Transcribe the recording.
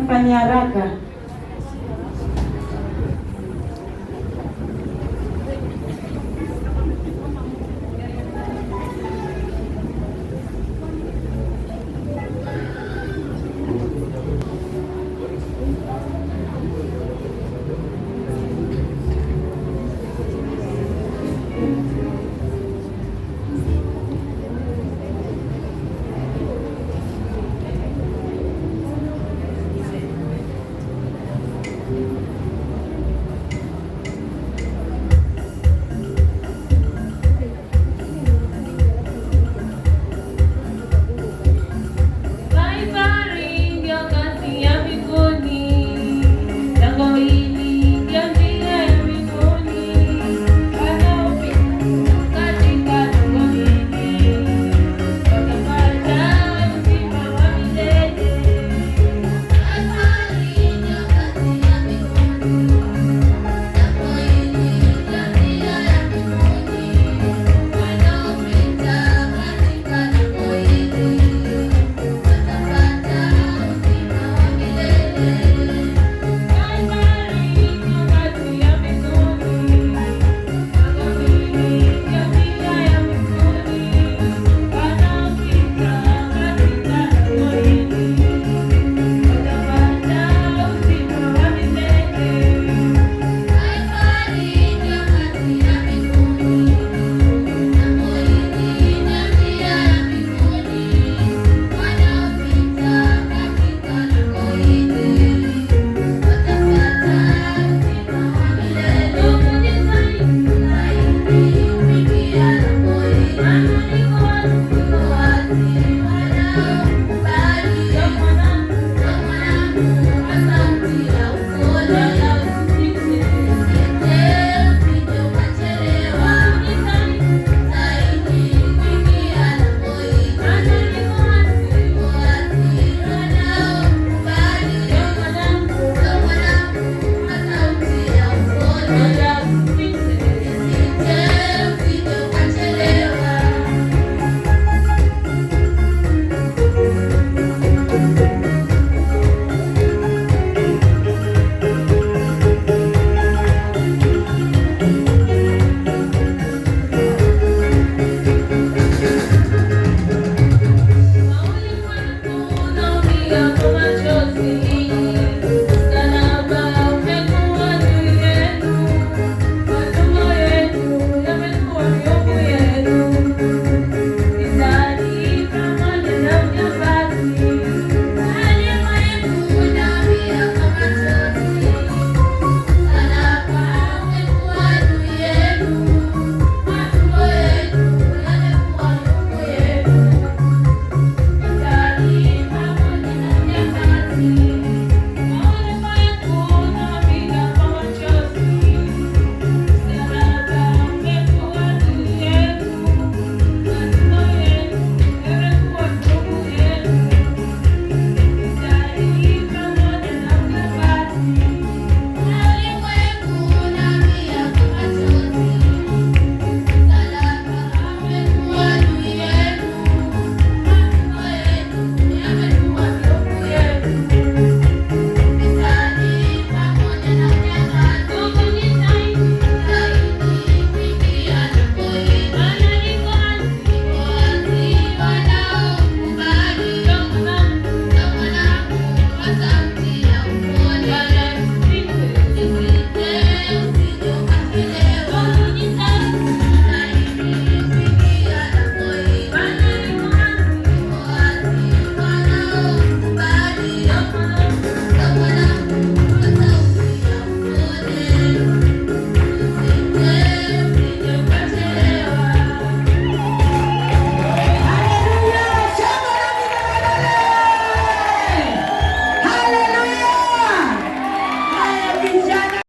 kufanya haraka